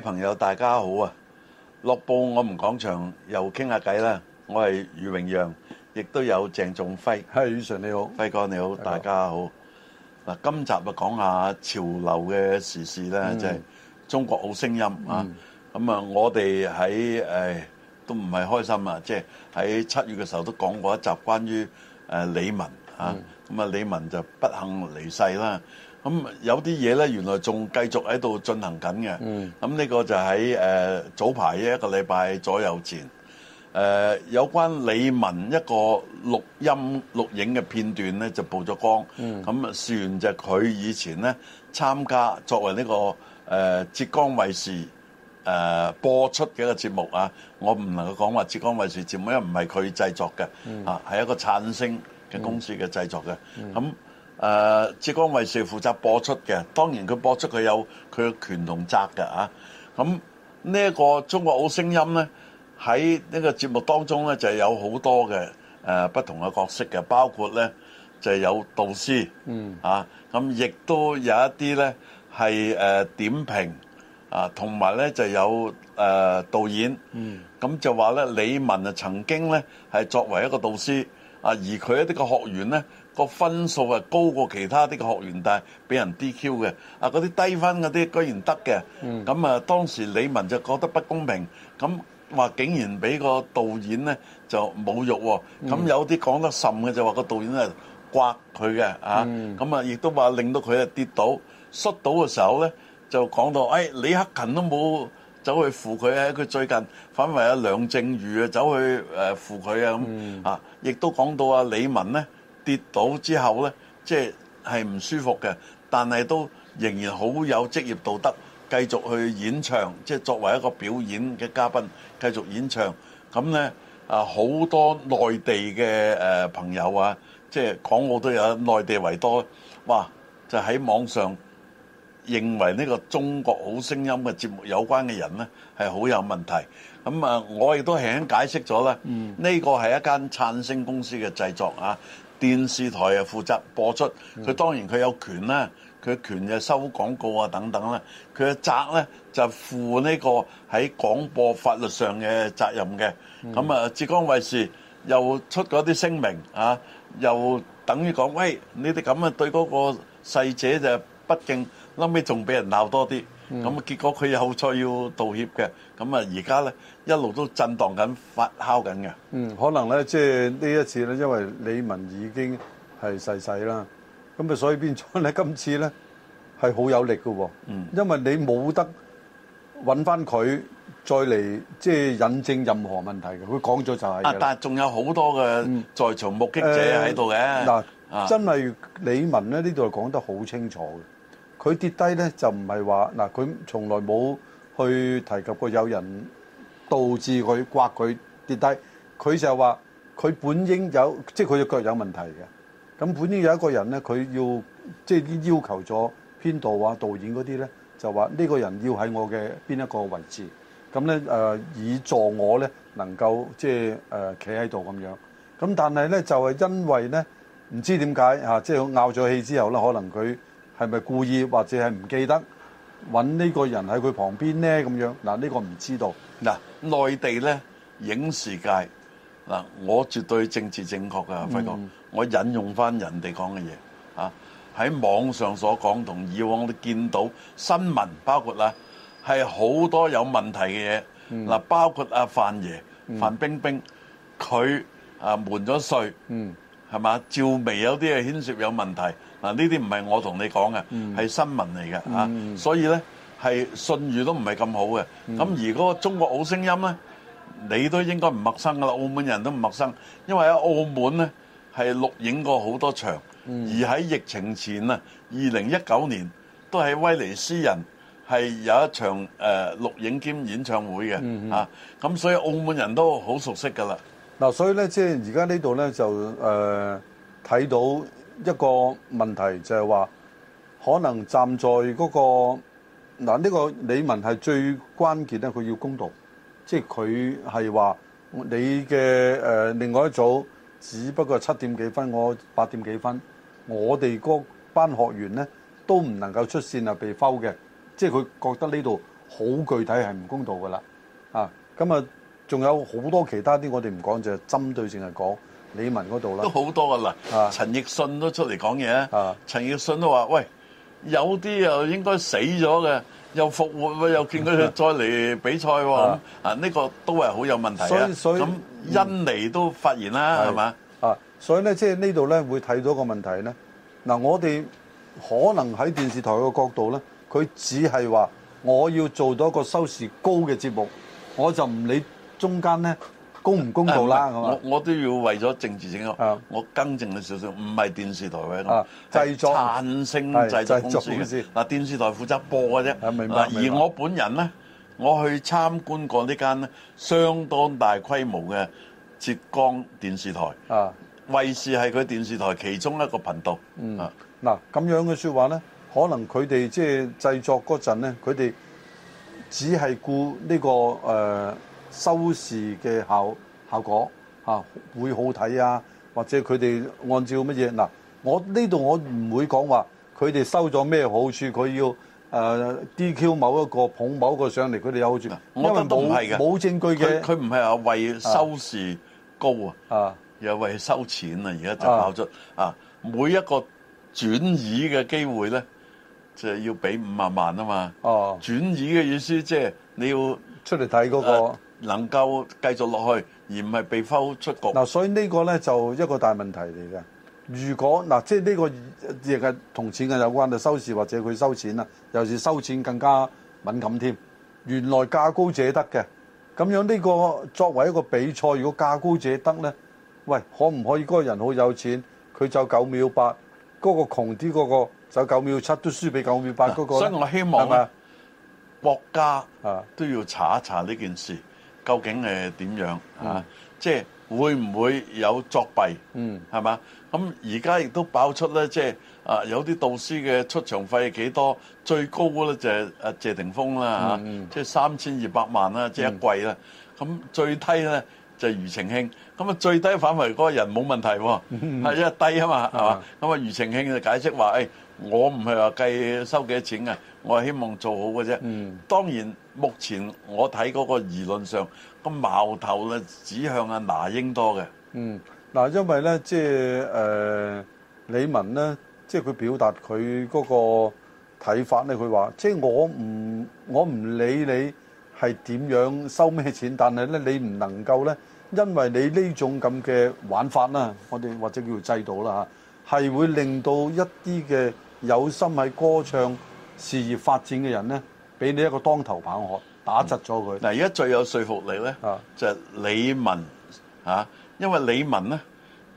朋友大家好啊！樂報我們講場又傾下偈啦。我係余榮讓，亦都有鄭仲輝。係余 Sir 你好，輝哥你好，大家好。嗱，今集啊講下潮流嘅時事啦，即、嗯、係、就是、中國好聲音、嗯、啊。咁啊，我哋喺誒都唔係開心啊，即係喺七月嘅時候都講過一集關於誒李玟。啊、嗯。咁啊，李玟就不幸離世啦。咁有啲嘢咧，原來仲繼續喺度進行緊嘅。咁、嗯、呢、這個就喺誒、呃、早排一個禮拜左右前，誒、呃、有關李玟一個錄音錄影嘅片段咧就曝咗光。咁、嗯、啊，算就佢以前咧參加作為呢、這個誒、呃、浙江衛視誒、呃、播出嘅一個節目啊，我唔能夠講話浙江衛視節目，因為唔係佢製作嘅，啊、嗯、係一個燦星嘅公司嘅製作嘅。咁、嗯嗯誒浙江衛視負責播出嘅，當然佢播出佢有佢嘅權同責嘅啊。咁呢一個《中國好聲音》呢咧，喺呢個節目當中咧就有好多嘅誒、啊、不同嘅角色嘅，包括咧就係有導師，嗯、啊呃，啊，咁亦都有一啲咧係誒點評啊，同埋咧就有誒、呃、導演，嗯，咁就話咧李玟啊曾經咧係作為一個導師。啊！而佢一啲個學員咧，個分數係高過其他啲個學員，但係俾人 DQ 嘅。啊，嗰啲低分嗰啲居然得嘅。咁、嗯、啊，當時李玟就覺得不公平，咁話竟然俾個導演咧就侮辱喎。咁、嗯、有啲講得甚嘅就話個導演係刮佢嘅、嗯、啊，咁啊亦都話令到佢啊跌倒摔倒嘅時候咧，就講到誒、哎、李克勤都冇走去扶佢啊！佢最近反為阿梁靜茹啊，走去誒扶佢啊，咁啊，亦都講到啊李玟咧跌倒之後咧，即係係唔舒服嘅，但係都仍然好有職業道德，繼續去演唱，即係作為一個表演嘅嘉賓繼續演唱。咁咧啊，好多內地嘅誒朋友啊，即係港澳都有，內地為多，哇！就喺網上。認為呢個中國好聲音嘅節目有關嘅人呢係好有問題。咁啊，我亦都輕輕解釋咗啦。呢個係一間燦星公司嘅製作啊，電視台啊，負責播出。佢當然佢有權啦，佢權就收廣告啊等等啦。佢嘅責呢就是負呢個喺廣播法律上嘅責任嘅。咁啊，浙江衞視又出咗啲聲明啊，又等於講喂、哎、你哋咁啊對嗰個逝者就不敬。嬲尾仲俾人鬧多啲，咁啊結果佢有錯要道歉嘅，咁啊而家咧一路都震盪緊、發酵緊嘅。嗯，可能咧即係呢一次咧，因為李文已經係逝世啦，咁啊所以變咗咧今次咧係好有力嘅喎。嗯，因為你冇得揾翻佢再嚟即係引證任何問題嘅，佢講咗就係。啊，但係仲有好多嘅在場目擊者喺度嘅。嗱，真係李文咧呢度係講得好清楚嘅。佢跌低呢，就唔係話嗱，佢從來冇去提及過有人導致佢刮佢跌低。佢就係話佢本應有，即係佢嘅腳有問題嘅。咁本應有一個人呢，佢要即係啲要求咗編導啊、導演嗰啲呢，就話呢個人要喺我嘅邊一個位置。咁呢，誒，以助我呢，能夠即係誒企喺度咁樣。咁但係呢，就係因為呢，唔知點解啊，即係拗咗氣之後呢，可能佢。係咪故意或者係唔記得揾呢個人喺佢旁邊咧咁樣？嗱，呢個唔知道。嗱，內地咧影視界，嗱我絕對政治正確噶，輝、嗯、哥，我引用翻人哋講嘅嘢啊，喺網上所講同以往你見到新聞，包括啊係好多有問題嘅嘢。嗱、嗯，包括阿范爺、范冰冰，佢啊瞞咗稅，係嘛？趙薇有啲嘢牽涉有問題。嗱，呢啲唔係我同你講嘅，係新聞嚟嘅嚇，所以咧係信譽都唔係咁好嘅。咁而嗰個中國好聲音咧，你都應該唔陌生噶啦，澳門人都唔陌生，因為喺澳門咧係錄影過好多場，而喺疫情前啊，二零一九年都喺威尼斯人係有一場誒錄影兼演唱會嘅嚇，咁所以澳門人都好熟悉噶啦。嗱，所以咧即係而家呢度咧就誒睇到。一個問題就係話，可能站在嗰個嗱呢個李文係最關鍵咧，佢要公道，即係佢係話你嘅誒另外一組，只不過七點幾分，我八點幾分，我哋嗰班學員呢都唔能夠出線啊，被摟嘅，即係佢覺得呢度好具體係唔公道㗎喇啊！咁啊，仲有好多其他啲我哋唔講，就係針對性係講。李玟嗰度啦，都好多噶啦、啊。陳奕迅都出嚟講嘢，陳奕迅都話：喂，有啲又應該死咗嘅，又復活，又見佢再嚟比賽喎。啊，呢、啊、個都係好有問題，所以咁，印尼、嗯、都發言啦，係嘛、啊？啊，所以咧，即係呢度咧會睇到個問題咧。嗱、啊，我哋可能喺電視台嘅角度咧，佢只係話我要做到一個收視高嘅節目，我就唔理中間咧。公唔公道啦、啊？我我都要為咗政治正確、啊，我更正你少少，唔係電視台喎，製、啊、作燦星製作公司嘅。嗱、啊，電視台負責播嘅啫、啊。明白、啊。而我本人咧，我去參觀過呢間相當大規模嘅浙江電視台。啊，衛視係佢電視台其中一個頻道。嗯。嗱、啊，咁樣嘅説話咧，可能佢哋即係製作嗰陣咧，佢哋只係顧呢、這個誒。呃收視嘅效效果嚇、啊、會好睇啊，或者佢哋按照乜嘢嗱？我呢度我唔會講話佢哋收咗咩好處，佢要誒、呃、DQ 某一個捧某一個上嚟，佢哋有好處，因為冇冇證據嘅，佢唔係話為收視高啊，又、啊、為收錢啊，而家就爆出啊，啊，每一個轉移嘅機會咧，就係要俾五萬萬啊嘛、啊，轉移嘅意思即係你要出嚟睇嗰個。啊能夠繼續落去，而唔係被拋出局。嗱、啊，所以呢個呢，就一個大問題嚟嘅。如果嗱，即係呢個亦係同錢嘅有關，就收市或者佢收錢啊，尤其收錢更加敏感添。原來價高者得嘅，咁樣呢個作為一個比賽，如果價高者得呢，喂，可唔可以嗰個人好有錢，佢就九秒八，嗰個窮啲嗰個就九秒七都輸俾九秒八嗰個、啊。所以我希望國家啊都要查一查呢件事。究竟誒點樣、嗯、啊？即、就、係、是、會唔會有作弊？嗯，係嘛？咁而家亦都爆出咧，即係啊有啲導師嘅出場費幾多？最高咧就係阿謝霆鋒啦嚇，即係三千二百萬啦，即、嗯、係、就是、一季啦。咁、嗯、最低咧就庾、是、澄慶。咁啊最低反為嗰個人冇問題喎、嗯，因為低啊嘛，係、嗯、嘛？咁啊庾澄慶就解釋話誒。哎我唔係話計收幾多錢嘅，我係希望做好嘅啫。當然，目前我睇嗰個輿論上個矛頭咧指向阿拿英多嘅。嗯，嗱，因為咧，即係誒李文咧，即係佢表達佢嗰個睇法咧，佢話即係我唔我唔理你係點樣收咩錢，但係咧你唔能夠咧，因為你呢種咁嘅玩法啦，我哋或者叫做制度啦嚇，係會令到一啲嘅有心喺歌唱事業發展嘅人呢，俾你一個當頭棒喝，打窒咗佢。嗱、嗯，而家最有說服力咧、啊，就係、是、李文。嚇、啊，因為李文呢，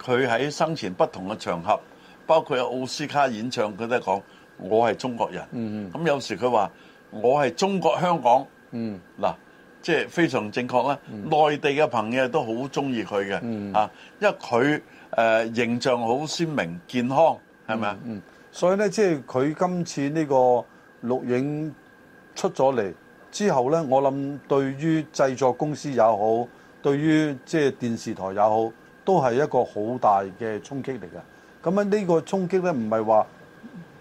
佢喺生前不同嘅場合，包括有奧斯卡演唱，佢都係講我係中國人。咁、嗯、有時佢話我係中國香港。嗱、嗯，即、啊、係、就是、非常正確啦、嗯。內地嘅朋友都好中意佢嘅嚇，因為佢誒、呃、形象好鮮明、健康，係咪啊？嗯嗯。所以咧，即係佢今次呢個錄影出咗嚟之後呢，我諗對於製作公司也好，對於即係電視台也好，都係一個好大嘅衝擊嚟嘅。咁呢個衝擊呢，唔係話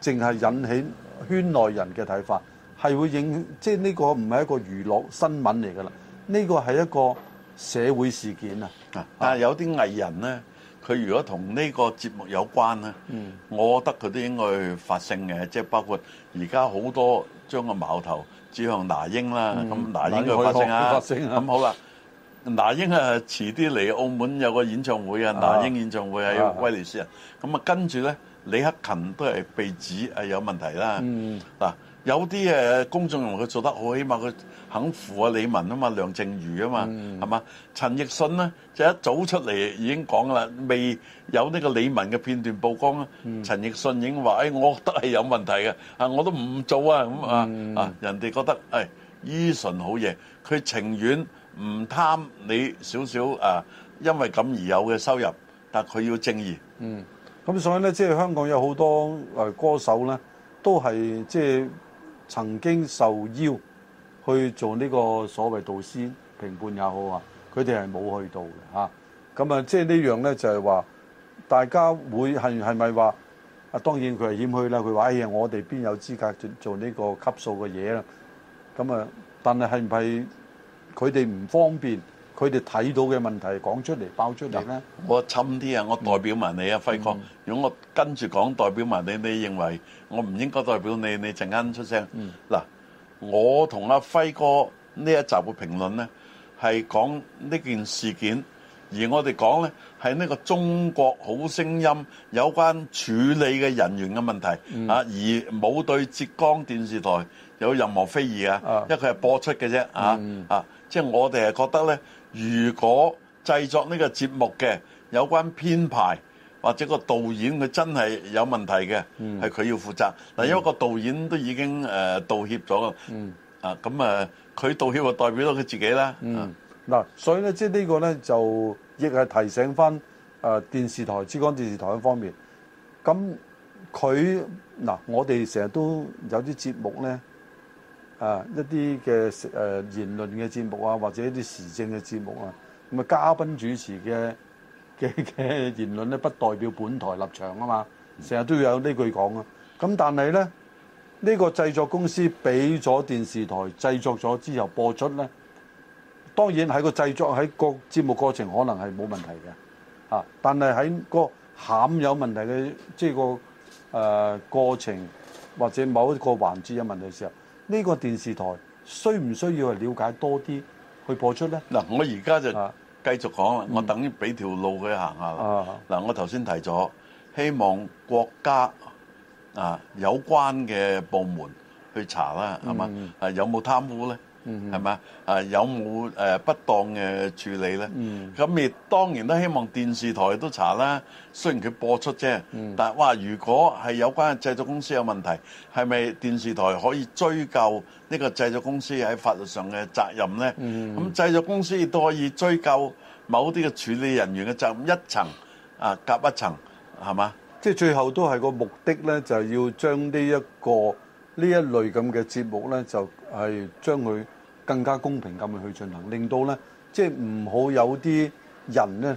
淨係引起圈內人嘅睇法，係會影即係呢個唔係一個娛樂新聞嚟㗎啦，呢個係一個社會事件啊！啊，有啲藝人呢。佢如果同呢個節目有關咧、嗯，我覺得佢都應該發聲嘅，即係包括而家好多將個矛頭指向那英、嗯、那英啦。咁那英佢發聲啊！咁好啦，那英啊，遲啲嚟澳門有個演唱會啊，那英演唱會喺威尼斯人。咁啊，跟住咧，李克勤都係被指係有問題啦。嗱、嗯。啊有啲公眾人物佢做得好，起碼佢肯扶阿李玟啊嘛，梁靜茹啊嘛，係、嗯、嘛？陳奕迅咧，就一早出嚟已經講啦，未有呢個李玟嘅片段曝光啦、嗯，陳奕迅已經話，誒、哎，我覺得係有問題嘅、啊，啊，我都唔做啊，咁啊啊，人哋覺得誒，Eason 好嘢，佢、哎、情願唔貪你少少啊，因為咁而有嘅收入，但佢要正義。嗯，咁所以咧，即係香港有好多歌手咧，都係即係。曾經受邀去做呢個所謂導師評判也好，他們是沒有啊，佢哋係冇去到嘅嚇。咁啊，即係呢樣咧就係話，大家會係係咪話啊？當然佢係謙虛啦。佢話：，哎呀，我哋邊有資格做呢個級數嘅嘢啦？咁啊，但係係唔係佢哋唔方便？佢哋睇到嘅問題講出嚟，爆出嚟咧。我侵啲啊！我代表埋你啊，輝哥。如果我跟住講，代表埋你，你認為我唔應該代表你？你陣間出聲。嗱，我同阿輝哥呢一集嘅評論咧，係講呢件事件，而我哋講咧，係呢個中國好聲音有關處理嘅人員嘅問題啊，而冇對浙江電視台有任何非議啊，因為佢係播出嘅啫啊啊！即係我哋係覺得咧。如果製作呢個節目嘅有關編排或者個導演佢真係有問題嘅，係、嗯、佢要負責。嗱，因為個導演都已經誒、呃、道歉咗噶、嗯。啊，咁啊，佢道歉就代表咗佢自己啦。嗱、嗯嗯啊，所以咧，即係呢個咧就亦係提醒翻誒、呃、電視台、珠江電視台方面。咁佢嗱，我哋成日都有啲節目咧。啊！一啲嘅誒言論嘅節目啊，或者一啲時政嘅節目啊，咁啊嘉賓主持嘅嘅嘅言論咧，不代表本台立場啊嘛，成日都要有呢句講啊。咁、啊、但係咧，呢、個製作公司俾咗電視台製作咗之後播出咧，當然喺個製作喺個節目過程可能係冇問題嘅，啊！但係喺個冚有問題嘅即係個誒、呃、過程或者某一個環節有問題嘅時候。呢、這個電視台需唔需要去了解多啲去播出呢？嗱、啊，我而家就繼續講啦、啊嗯，我等於俾條路佢行下啦。嗱、啊啊，我頭先提咗，希望國家啊有關嘅部門去查啦，係嘛？係、嗯啊、有冇貪污呢？嗯，係嘛？啊，有冇誒不當嘅處理咧？嗯，咁亦當然都希望電視台都查啦。雖然佢播出啫，但係哇，如果係有關嘅製作公司有問題，係咪電視台可以追究呢個製作公司喺法律上嘅責任咧？嗯，咁製作公司亦都可以追究某啲嘅處理人員嘅責任一層，啊，夾一層，係嘛？即係最後都係個目的咧，就係要將呢一個呢一類咁嘅節目咧，就係將佢。更加公平咁去去進行，令到咧即係唔好有啲人咧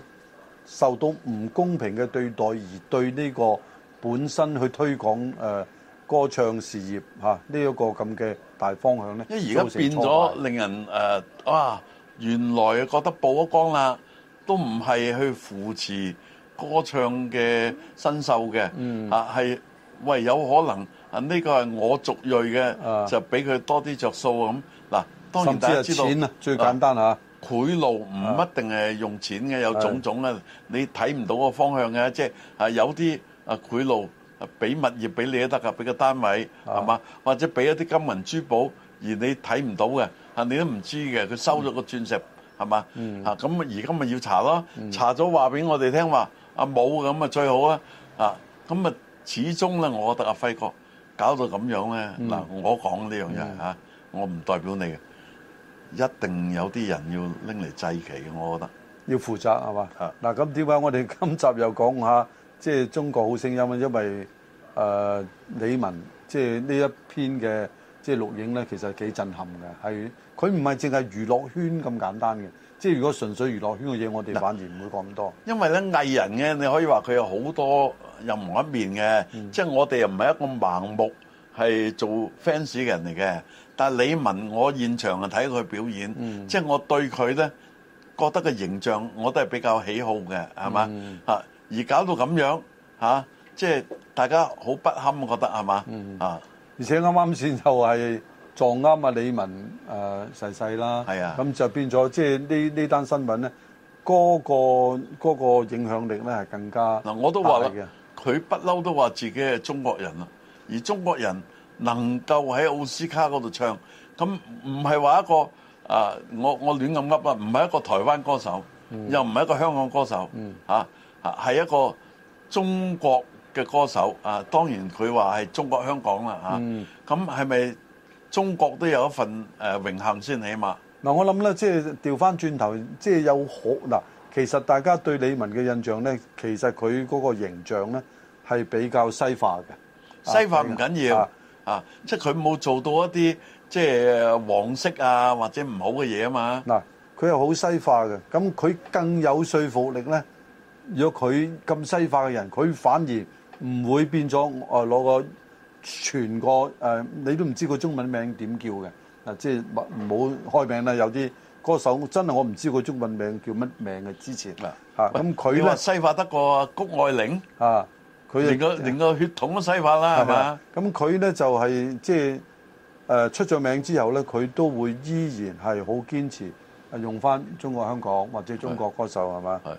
受到唔公平嘅對待，而對呢個本身去推廣誒歌唱事業嚇呢一個咁嘅大方向咧。因為而家變咗，令人誒啊，原來覺得曝咗光啦，都唔係去扶持歌唱嘅新秀嘅，嗯啊係喂，有可能啊呢個係我族裔嘅，就俾佢多啲着數咁嗱。當然知啊，知道錢啊，最簡單嚇、啊啊，賄賂唔一定係用錢嘅，的有種種啊，你睇唔到個方向嘅，的即係啊有啲啊賄賂啊俾物業俾你都得噶，俾個單位係嘛？是的是的是的或者俾一啲金銀珠寶而你睇唔到嘅啊，你都唔知嘅，佢收咗個鑽石係嘛？啊咁而家咪要查咯，查咗話俾我哋聽話啊冇咁啊最好啊啊咁啊，始終咧我覺得阿輝哥搞到咁樣咧嗱、啊，我講呢樣嘢嚇，我唔代表你嘅。一定有啲人要拎嚟祭旗嘅，我覺得要負責係嘛？嗱咁點解我哋今集又講下即係、就是、中國好聲音？因為誒、呃、李玟，即係呢一篇嘅即係錄影咧，其實幾震撼嘅。係佢唔係淨係娛樂圈咁簡單嘅。即、就、係、是、如果純粹娛樂圈嘅嘢，我哋反而唔會講咁多。因為咧藝人嘅你可以話佢有好多任何一面嘅，即、嗯、係我哋又唔係一個咁盲目。係做 fans 嘅人嚟嘅，但係李玟我現場啊睇佢表演，即、嗯、係、就是、我對佢咧覺得個形象我都係比較喜好嘅，係嘛啊？而搞到咁樣嚇，即、啊、係、就是、大家好不堪，覺得係嘛、嗯、啊？而且啱啱先就係撞啱啊李玟誒逝世啦，咁、呃啊、就變咗即係呢呢單新聞咧，嗰、那個那個影響力咧係更加嗱，我都話佢不嬲都話自己係中國人啦。而中國人能夠喺奧斯卡嗰度唱，咁唔係話一個啊，我我亂咁噏啊，唔係一個台灣歌手，嗯、又唔係一個香港歌手，嚇嚇係一個中國嘅歌手啊。當然佢話係中國香港啦嚇，咁係咪中國都有一份誒、啊、榮幸先起碼？嗱、嗯，我諗咧，即係調翻轉頭，即係、就是、有好嗱。其實大家對李玟嘅印象咧，其實佢嗰個形象咧係比較西化嘅。西化唔緊要，啊，即係佢冇做到一啲即係黃色啊或者唔好嘅嘢啊嘛。嗱，佢係好西化嘅，咁佢更有說服力咧。如果佢咁西化嘅人，佢反而唔會變咗啊攞個全個誒，你都唔知個中文名點叫嘅。嗱，即係唔好開名啦，有啲歌手真係我唔知個中文名叫乜名嘅之前。嗱，嚇咁佢咧西化得過谷愛玲啊？佢連個連個血統都洗翻啦，係嘛？咁佢咧就係即係誒出咗名之後咧，佢都會依然係好堅持誒用翻中國香港或者中國歌手係嘛？係。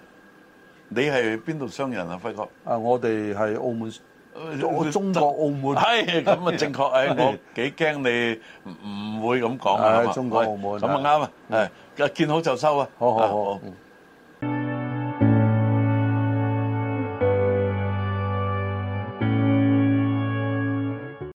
你係邊度商人啊？輝哥？誒，我哋係澳門、呃，中國澳門。係咁啊，呃呃、正確誒，我幾驚你唔會咁講啊嘛？中國澳門咁啊，啱啊，係啊、嗯，見好就收啊！好好好好。啊好